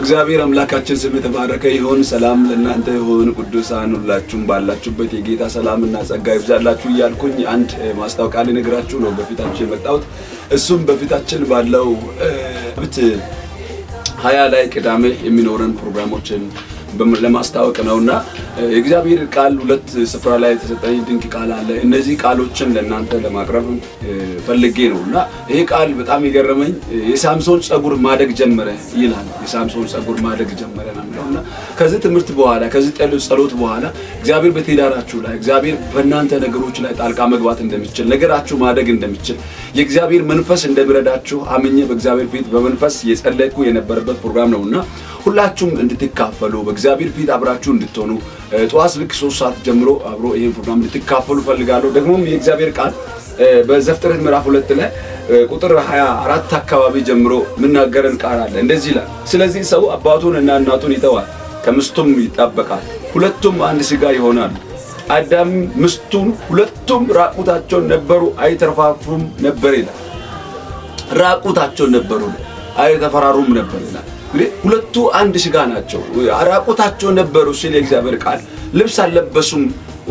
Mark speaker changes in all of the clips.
Speaker 1: እግዚአብሔር አምላካችን ስም የተባረከ ይሁን። ሰላም ለእናንተ ይሁን። ቅዱሳን ሁላችሁም ባላችሁበት የጌታ ሰላምና ጸጋ ይብዛላችሁ እያልኩኝ አንድ ማስታወቂያ ልነግራችሁ ነው በፊታችሁ የመጣሁት። እሱም በፊታችን ባለው ብት ሀያ ላይ ቅዳሜ የሚኖረን ፕሮግራሞችን ለማስታወቅ ነው እና የእግዚአብሔር ቃል ሁለት ስፍራ ላይ የተሰጠኝ ድንቅ ቃል አለ። እነዚህ ቃሎችን ለእናንተ ለማቅረብ ፈልጌ ነው እና ይሄ ቃል በጣም የገረመኝ የሳምሶን ጸጉር ማደግ ጀመረ ይላል። የሳምሶን ጸጉር ማደግ ጀመረ ነው ከዚህ ትምህርት በኋላ ከዚህ ጸሎት በኋላ እግዚአብሔር በትዳራችሁ ላይ እግዚአብሔር በእናንተ ነገሮች ላይ ጣልቃ መግባት እንደሚችል ነገራችሁ ማደግ እንደሚችል የእግዚአብሔር መንፈስ እንደሚረዳችሁ አምኜ በእግዚአብሔር ፊት በመንፈስ የጸለይኩ የነበረበት ፕሮግራም ነውና ሁላችሁም እንድትካፈሉ በእግዚአብሔር ፊት አብራችሁ እንድትሆኑ ጠዋት ልክ ሶስት ሰዓት ጀምሮ አብሮ ይህን ፕሮግራም እንድትካፈሉ ፈልጋለሁ። ደግሞም የእግዚአብሔር ቃል በዘፍጥረት ምዕራፍ ሁለት ላይ ቁጥር 24 አካባቢ ጀምሮ የምናገረን ቃል አለ። እንደዚህ ይላል፣ ስለዚህ ሰው አባቱን እና እናቱን ይተዋል ከምስቱም ይጣበቃል፣ ሁለቱም አንድ ሥጋ ይሆናሉ። አዳም ምስቱን ሁለቱም ራቁታቸውን ነበሩ፣ አይተረፋፍሩም ነበር ይላል። ራቁታቸውን ነበሩ፣ አይተፈራሩም ነበር ይላል። እንግዲህ ሁለቱ አንድ ሥጋ ናቸው። ራቁታቸው ነበሩ ሲል የእግዚአብሔር ቃል ልብስ አልለበሱም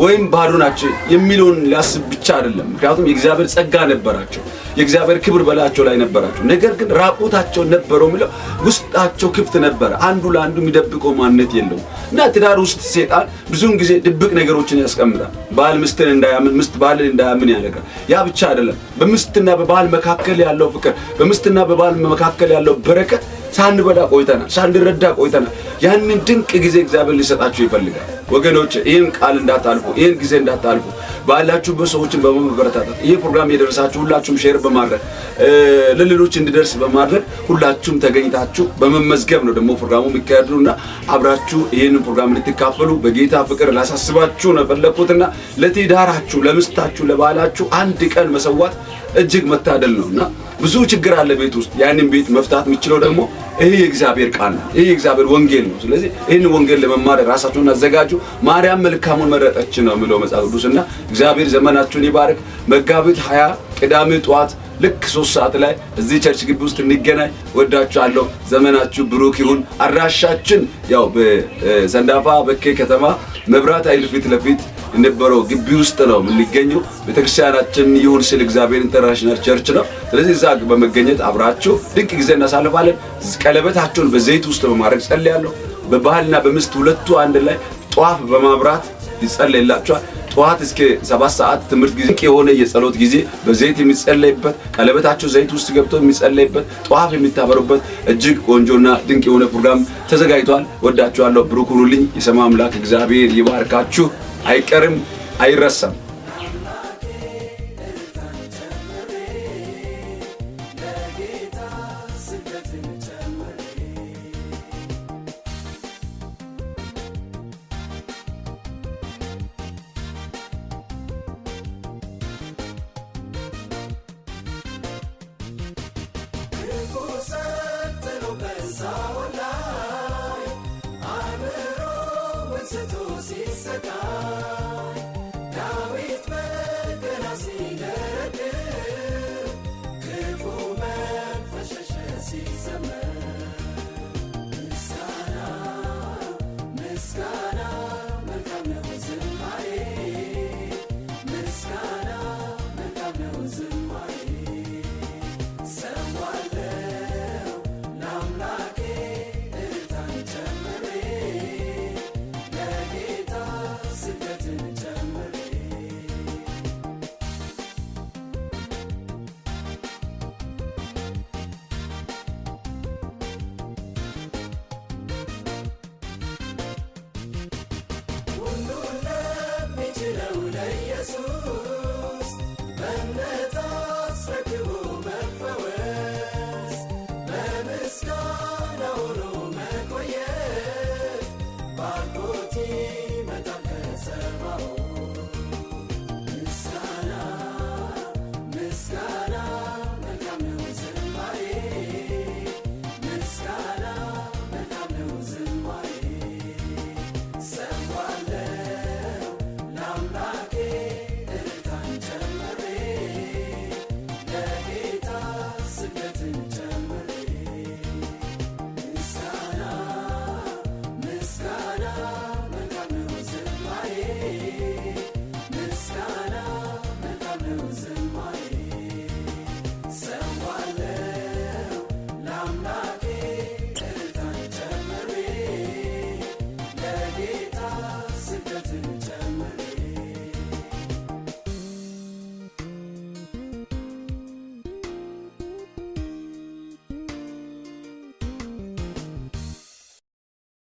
Speaker 1: ወይም ባዶ ናቸው የሚለውን ሊያስብ ብቻ አይደለም። ምክንያቱም የእግዚአብሔር ጸጋ ነበራቸው፣ የእግዚአብሔር ክብር በላያቸው ላይ ነበራቸው። ነገር ግን ራቁታቸው ነበረው የሚለው ውስጣቸው ክፍት ነበረ። አንዱ ለአንዱ የሚደብቀው ማንነት የለውም እና ትዳር ውስጥ ሴጣን ብዙውን ጊዜ ድብቅ ነገሮችን ያስቀምጣል። ባል ምስትን እንዳያምን፣ ምስት ባልን እንዳያምን ያደርጋል። ያ ብቻ አይደለም። በምስትና በባል መካከል ያለው ፍቅር፣ በምስትና በባል መካከል ያለው በረከት ሳንበላ ቆይተናል፣ ሳንረዳ ቆይተናል። ያንን ድንቅ ጊዜ እግዚአብሔር ሊሰጣችሁ ይፈልጋል። ወገኖች ይህን ቃል እንዳታልፉ፣ ይህን ጊዜ እንዳታልፉ ባላችሁበት ሰዎችን በመበረታታት ይህ ፕሮግራም የደረሳችሁ ሁላችሁም ሼር በማድረግ ለሌሎች እንዲደርስ በማድረግ ሁላችሁም ተገኝታችሁ በመመዝገብ ነው ደግሞ ፕሮግራሙ የሚካሄዱ አብራችሁ ይህንን ፕሮግራም እንድትካፈሉ በጌታ ፍቅር ላሳስባችሁ ነው የፈለግኩትና ለትዳራችሁ፣ ለምስታችሁ፣ ለባላችሁ አንድ ቀን መሰዋት እጅግ መታደል ነውና ብዙ ችግር አለ ቤት ውስጥ። ያንን ቤት መፍታት የሚችለው ደግሞ ይሄ የእግዚአብሔር ቃል ነው። ይሄ የእግዚአብሔር ወንጌል ነው። ስለዚህ ይህን ወንጌል ለመማር ራሳችሁን አዘጋጁ። ማርያም መልካሙን መረጠች ነው የሚለው መጽሐፍ ቅዱስና እግዚአብሔር ዘመናችሁን ይባርክ። መጋቢት ሀያ ቅዳሜ ጠዋት ልክ ሶስት ሰዓት ላይ እዚህ ቸርች ግቢ ውስጥ እንገናኝ። ወዳችኋለሁ። ዘመናችሁ ብሩክ ይሁን። አድራሻችን ያው በሰንዳፋ በኬ ከተማ መብራት ኃይል ፊት ለፊት የነበረው ግቢ ውስጥ ነው የምንገኘው። ቤተክርስቲያናችን ይሁን ስል እግዚአብሔር ኢንተርናሽናል ቸርች ነው። ስለዚህ እዛ በመገኘት አብራችሁ ድንቅ ጊዜ እናሳልፋለን። ቀለበታችሁን በዘይት ውስጥ በማድረግ ጸልያለሁ። በባህልና በምስት ሁለቱ አንድ ላይ ጧፍ በማብራት ይጸለይላችኋል። ጠዋት እስከ ሰባት ሰዓት ትምህርት ጊዜ የሆነ የጸሎት ጊዜ በዘይት የሚጸለይበት ቀለበታቸው ዘይት ውስጥ ገብቶ የሚጸለይበት ጠዋፍ የሚታበሩበት እጅግ ቆንጆና ድንቅ የሆነ ፕሮግራም ተዘጋጅቷል። ወዳችኋለሁ። ብሩክ ሁኑልኝ። የሰማ አምላክ እግዚአብሔር ይባርካችሁ። አይቀርም፣ አይረሳም። Santa.